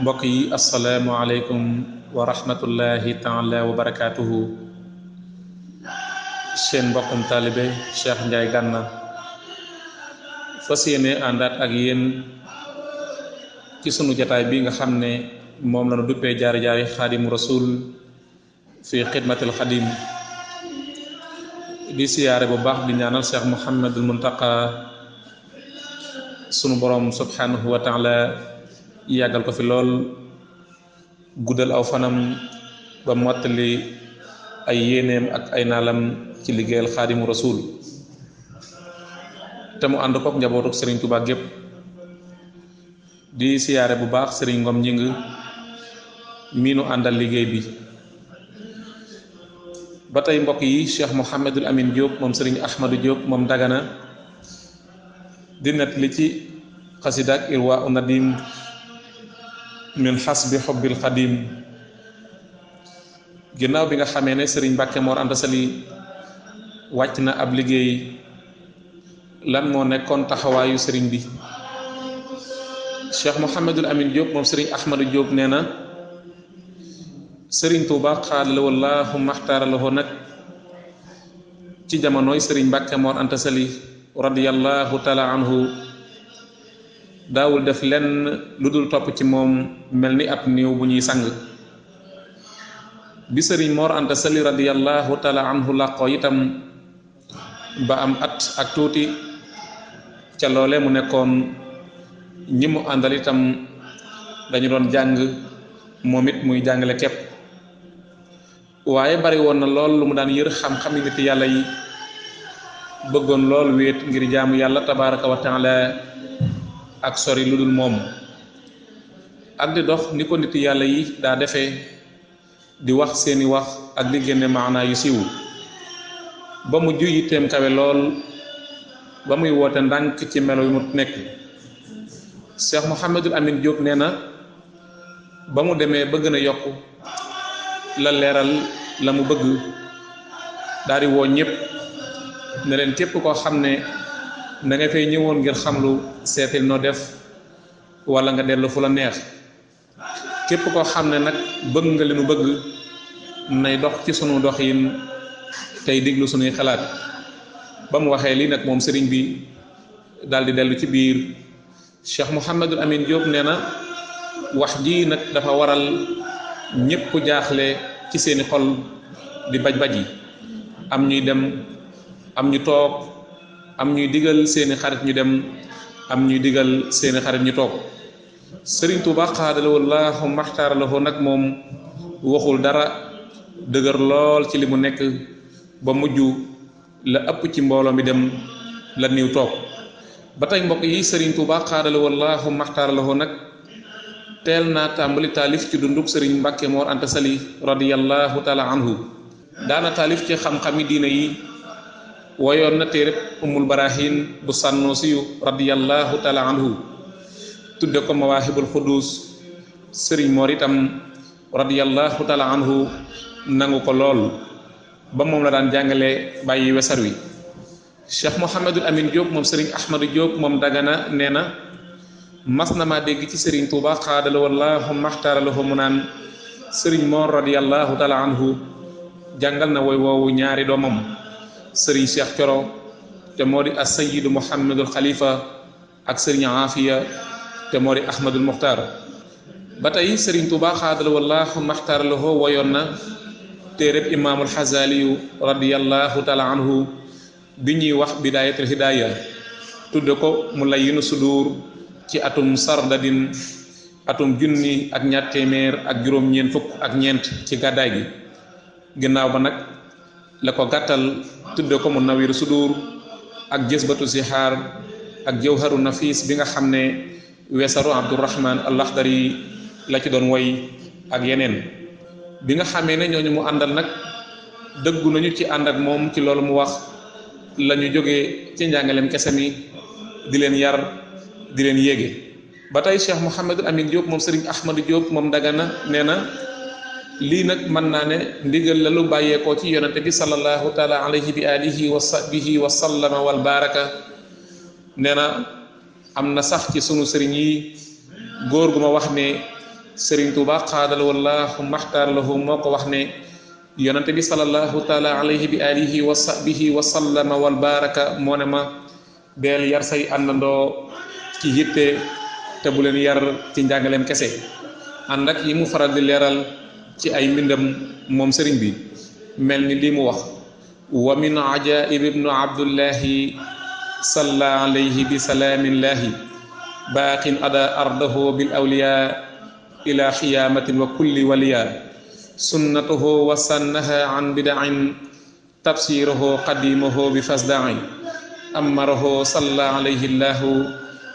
mbokk yi asalaamualeykum wa rahmatullahi taala wa barakaatuhu seen mbokkum taalibe Cheikh Ndiaye Gana fas yéene àndaat ak yéen ci sunu jataay bi nga xam ne moom lañu duppee jaari jaari xaadimu rasul fi xidmatil xadim di siyaare bu baax di ñaanal Cheikh Mouhamadul Muntaqa sunu borom subhanahu wa yàggal ko fi lool guddal aw fanam ba mottali ay yéeneem ak ay naalam ci liggéeyal xaadimu rasul te mu ànd kook njabootuk sëriñ Tuubaa gépp di siyaare bu baax sëriñ Ngom Njing miinu àndal liggéey bi ba tey mbokk yi Cheikh Mouhamadul Amin Diop moom sëriñ Ahmadou Diop moom Dagana di net li ci xasidaak Irwa u min xasbi xobbil xadim ginnaaw bi nga xamee ne sëriñ Mbàkke Mor Anta Sali wàcc na ab liggéey lan moo nekkoon taxawaayu sëriñ bi Cheikh Mouhamadul Amin Diop moom sëriñ Ahmadou jóob nee na sëriñ Tuuba xaadala wallaahu maxtaaralahoo nag ci jamonoy sëriñ Mbàkke Mor Anta Sali radiyallahu anhu daawul def lenn lu dul topp ci moom mel ni at néew bu ñuy sang bi sëriñ Mor Anta Sali radiyallahu taala anhu làqoo itam ba am at ak tuuti ca loole mu nekkoon ñi mu àndal itam dañu doon jàng moom it muy jàngale képp waaye bari woon na lool lu mu daan yër xam-xami nit yàlla yi bëggoon lool wéet ngir jaamu yàlla tabaraka wa taala ak sori lu dul moom ak di dox ni ko nit yàlla yi daa defe di wax seeni wax ak di génne maanaa yu siiw ba mu ju yitteem kawe lool ba muy woote ndànk ci melo yu mu nekk Cheikh Mouhamadul Amin jóg nee na ba mu demee ba gën yokk la leeral la mu bëgg daal di woo ñëpp ne leen képp xam ne da nga fay ñëwoon ngir lu seetil noo def wala nga dellu fu la neex képp koo xam ne nag bëgg nga li nu bëgg nay dox ci suñu dox yin tey diglu suñuy xalaat ba mu waxee lii nag moom sëriñ bi daldi dellu ci biir Cheikh Mouhamadul Amin Diop nee na wax ji nag dafa waral ñépp jaaxle ci seeni xol di baj baj yi am ñuy dem am ñu toog am ñuy digal seeni xarit ñu dem am ñuy digal seeni xarit ñu toog sëriñ Tuuba xaadala wallaahu maxtaara lahu nag moom waxul dara dëgër lool ci li mu nekk ba mujj la ëpp ci mbooloo mi dem la niw toog ba tey mbokk yi sëriñ Tuuba xaadala wallaahu maxtaara lahu nag teel naa tàmbali taalif ci dunduk sëriñ Mbàkke Moor Anta Sali radiyallahu taala anhu daana taalif ci xam-xami diine yi wayoon na téereb umul barahin bu sànnoosiyu radiallahu taala anhu tudde ko mawaahibul xudus sëriñ moor itam radiallahu taala anhu nangu ko lool ba moom la daan jàngale bàyyi wesar wi cheikh mouhamadul amin diop moom sëriñ ahmadou diop moom dagana nee na mas na maa dégg ci sëriñ tuuba xaadala wallahu maxtaaralaho mu naan sëriñ moor radiallahu taala anhu jàngal na woy woowu ñaari doomam sëriñ Cheikh Coro te moo di as-sayyidu Muhammadul Khalifa ak sëriñ Aafiya te moo di Ahmadul Muxtaar ba tey sëriñ Tuubaa xaadal wallaahu maxtaar lahu woyoon na téereb imaamul Xasaaliyu radiyallahu taala anhu bi ñuy wax bidaayatul hidaaya tudde ko mu layyinu sudur ci atum sardadin atum junni ak ñaar téeméer ak juróom-ñeent fukk ak ñeent ci gàddaay gi ginnaaw ba nag la ko gàttal tudde ko mu nawiru sudur ak si zihar ak jawharu nafis bi nga xam ne weesaru abdourahman allaxdari la ci doon woy ak yeneen bi nga xamee ne ñooñu mu àndal nag dëggu nañu ci ànd ak moom ci loolu mu wax la ñu jógee ci njàngaleem kese mi di leen yar di leen yéege ba tey cheikh mouhamadul amin diop moom sëriñ ahmadou diop moom dagana nee na lii nag man naa ne ndigal la lu bàyyeekoo ci yonente bi sallallahu taala alayhi bi alihi wa sahbihi wa sallama wal baraka nee na am na sax ci sunu sëriñ yi góor gu ma wax ne sëriñ Tuuba xaadal wallahu maxtaar moo ko wax ne bi sallallahu taala alayhi bi alihi wa sahbihi wa sallama wal baraka moo ne ma deel yar say àndandoo ci yitte te bu yar ci njàngaleem kese ànd yi mu faral di ci ay mbindam moom sëriñ bi mel ni lii mu wax wa min ajaib ibnu abdullahi salla alayhi bi salaamillahi baaqin ada ardahu bil awliya ila xiyamatin wa kulli waliya sunnatuhu wa sannaha an bidain tabsiruhu qadimahu bi fasdaai amarahu salla alayhi llahu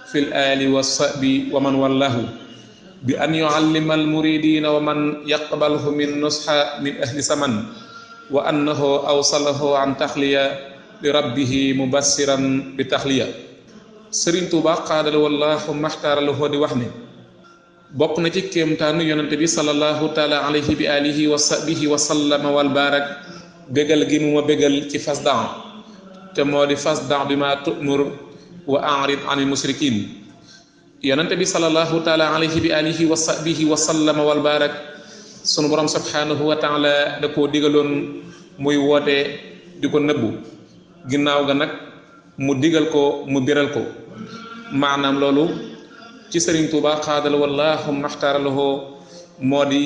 fi l ali wa sahbi wa man wallahu bi an yuallima almuridina wa man yaqbalhu min nusxa min ahli saman wa annahu awsalahu an taxliya li rabbihi mubassiran bi taxliya sëriñ tuuba xaadal wallahu maxtaaral hoo di wax ne bokk na ci kéemtaanu yonente bi salallahu taala alayhi bi alihi wa sahbihi wa sallama wal barak bégal gi mu ma bégal ci fas dan te moo di fas dan bi ma tumur wa enrid anil musrikin yonente bi salallahu taala alayhi bi alihi wa sahbihi wa sallama wal barak sunu borom subhanahu wa taala da ko digaloon muy woote di ko nëbbu ginnaaw ga nag mu digal ko mu biral ko maanaam loolu ci sëriñ Tuuba xaadal wallahu maxtaaralahoo moo di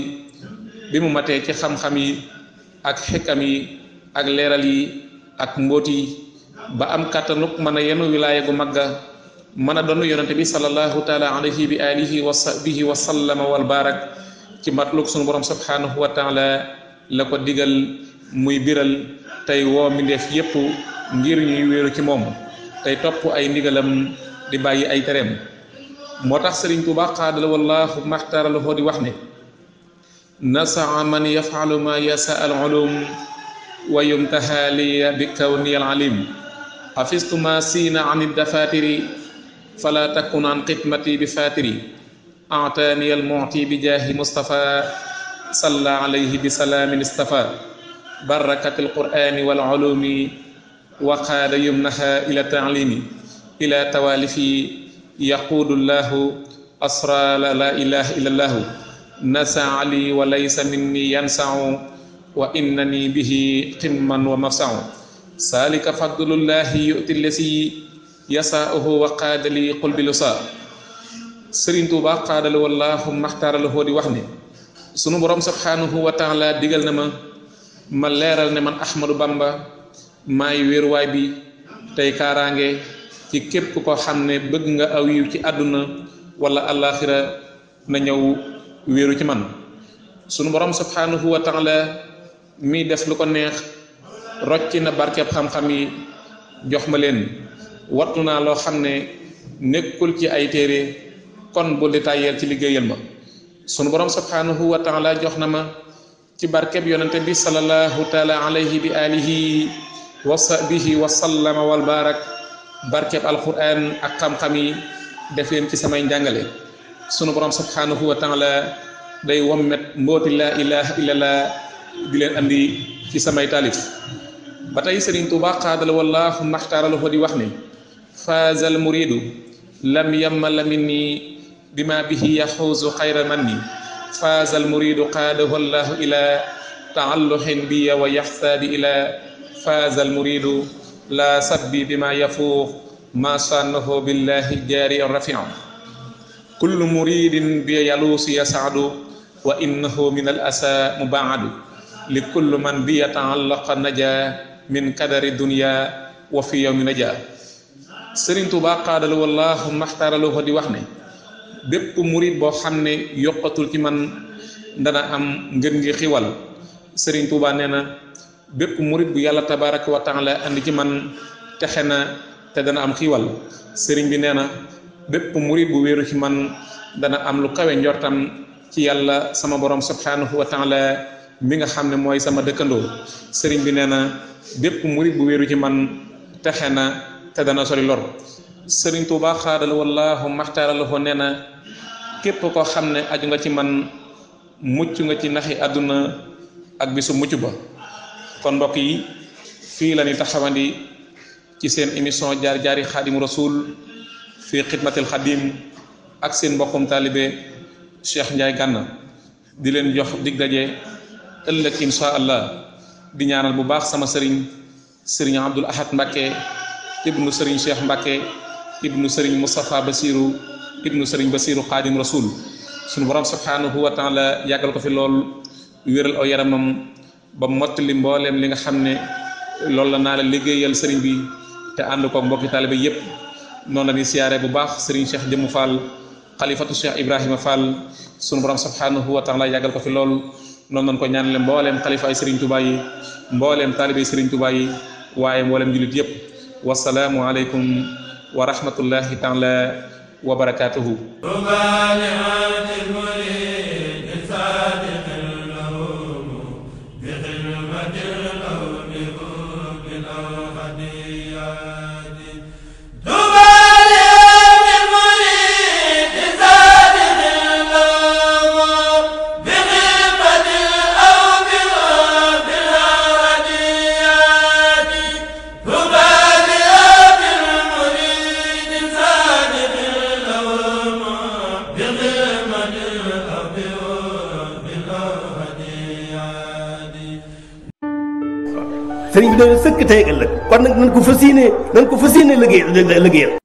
bi mu matee ci xam-xam yi ak xikam yi ak leeral yi ak mbóot yi ba am kàttanuk mën a yenu wilaaya gu magga mën a doon yonente bi sallallahu taala alayhi bi alihi wa sahbihi wa sallama wal barak ci matluk sunu borom subhanahu wa taala la ko digal muy biral tey woo mindeef yépp ngir ñuy wéeru ci moom tey topp ay ndigalam di bàyyi ay tereem moo tax sëriñ Tuubaa xaadal wallaahu maxtaaralahoo di wax ni nasaa man yafalu ma yasa al ulum wa yumtaha liya bi kawni al alim siina an dafatiri fala takun an xidmati bi fatiri ataani al muti bi jaahi mustafa salla alayhi bi salaamin istafa barakati alqurani wal ulumi wa qaada yumnaha ila taalimi ila tawalifi yaquudu llahu asrala la ilaha illa llahu nasa li wa laysa minni yansau wa innani bihi qimman wa mafsau salika fadlullahi yuti lesi yasaahu wa qaadali qul bi lusaa sëriñ Tuubaa qaadal wallaahu maxtaaralahoo di wax ne sunu boroom subhaanahu wa taala digal na ma ma leeral ne man Ahmadu Bamba maay wéeruwaay bi tey kaaraange ci képp ko xam ne bëgg nga aw yiw ci àdduna wala àllaaxira na ñëw wéeru ci man sunu boroom subhaanahu wa taala mii def lu ko neex rocci na barkeb xam-xam yi jox ma leen wattu naa loo xam ne nekkul ci ay téere kon bu détailleel ci liggéeyal ma sunu borom subhanahu wa taala jox na ma ci barkeb yonente bi salallahu taala alayhi bi alihi wa sahbihi wa sallama wal barak barkeb alquran ak xam-xam yi def leen ci samay njàngale sunu borom subhanahu wa taala day wommet mbooti laa ilaha illallah di leen andi ci samay taalif ba tey sëriñ Tuubaa xaadala wallaahu maxtaaralahu di wax ni فاز المريد لم يمل مني بما به يحوز خير مني فاز المريد قاده الله إلى تعلح بي ويحثى بي إلى فاز المريد لا سبي بما يفوق ما صانه بالله الجاري الرفيع كل مريد بيلوس يسعد وإنه من الأسى مبعد لكل من بيتعلق نجا من كدر الدنيا وفي يوم نجاه Serigne Touba qaadalu wallaahu maxtaaraluhu di wax ne bépp murit boo xam ne yokkatul ci man dana am ngën gi xiwal Serigne Touba nee na bépp murit bu yàlla tabaaraka wa taala andi ci man texe na te dana am xiwal Serigne bi nee na bépp murit bu wéeru ci man dana am lu kawe njortam ci yàlla sama borom subhanahu wa mi nga xam ne mooy sama dëkkandoo Serigne bi nee bépp murit bu wéeru ci man texe na. te dana sori lor sëriñ Tuubaa xaadal wallaahu maxtaaralahu nee na képp koo xam ne aju nga ci man mucc nga ci naxi àdduna ak bisu mucc ba kon mbokk yi fii lañuy ñu taxawandi ci seen émission jaar jaari xaadimu rasul fii xidmatil xadim ak seen mbokkum taalibe Cheikh Ndiaye Gana di leen jox dig daje ëllëg incha allah di ñaanal bu baax sama sëriñ sëriñ Abdul Ahad Mbacke ibnu sëriñ cheikh Mbacke ibnu sëriñ Moustapha Basiru ibnu sëriñ Basiru Xaadim Rasul sunu borom subhanahu wa taala yàggal ko fi lool wéral aw yaramam ba mottali mbooleem li nga xam ne loolu la naa la liggéeyal sëriñ bi te ànd ko mbokki taalibe yépp noonu la ñuy siyaare bu baax sëriñ cheikh jëmu Fall xalifatu cheikh Ibrahima Fall sunu borom subhanahu wa taala yàggal ko fi lool noonu nañ ko ñaanale mbooleem xalifa ay sëriñ Tuubaa yi mbooleem taalibe sëriñ Tuubaa yi waaye mbooleem jullit yépp wasalaamu aleykum wa rahmatullahi taala wa barakaatuhu sëkk tey ak ëllëg kon nag nañ ko fas yéene nañ ko fas yéene liggéey liggéeyal